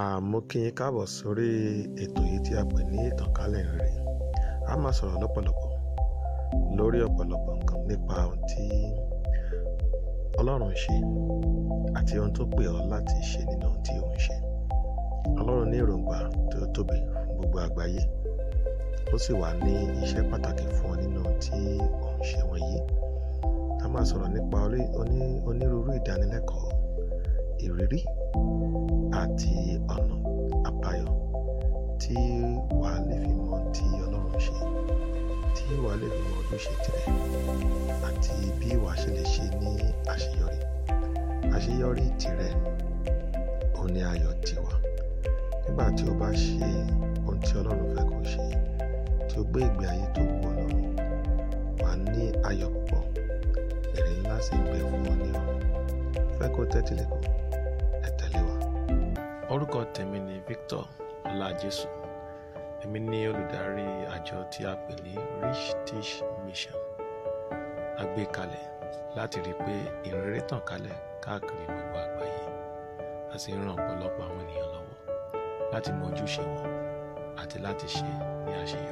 a mú kí yín káàbọ̀ sórí ètò yìí tí a pè ní ìtànkálẹ̀ rere a máa sọ̀rọ̀ lọ́pọ̀lọpọ̀ lórí ọ̀pọ̀lọpọ̀ nǹkan nípa ohun tí ọlọ́run ń ṣe àti ohun tó pè ọ́ láti ṣe nínú ohun tí ò ń ṣe ọlọ́run ní èròǹgbà tó tóbi fún gbogbo àgbáyé ó sì wà ní iṣẹ́ pàtàkì fún ọ nínú ohun tí ò ṣe wọ̀nyí a máa sọ̀rọ̀ nípa onírúurú ìdánilẹ́kọ̀ọ́ ìrírí àti ọ̀nà àbáyọ tí wà á lè fi mọ tí Ọlọ́run ṣe tí wà á lè fi mọ ojúṣe tirẹ̀ àti bí wà á ṣe lè ṣe ní àṣeyọrí àṣeyọrí tirẹ̀ òun ni ayọ̀ tiwa nígbà tí o bá ṣe ohun tí Ọlọ́run fẹ́ kó ṣe tí o gbé ìgbé ayé tó wù Ọlọ́run wà á ní ayọ̀ púpọ̀ èrè ńlá sì ń bẹ fún ọ ní ọ̀run fẹ́ kó tẹ́tí lẹ́kọ̀ọ́ orúkọ tèmi ni Victor Ọlájésù èmi ni olùdarí àjọ tí a pè ní Rich Teach Mission a gbé kalẹ̀ láti rí i pé ìrere tàn kálẹ̀ káàkiri gbogbo àgbáyé a sì ń ran ọ̀pọ̀lọpọ̀ àwọn ènìyàn lọ́wọ́ láti mọ ojúṣe wọn àti láti ṣe ní àṣeyọrí.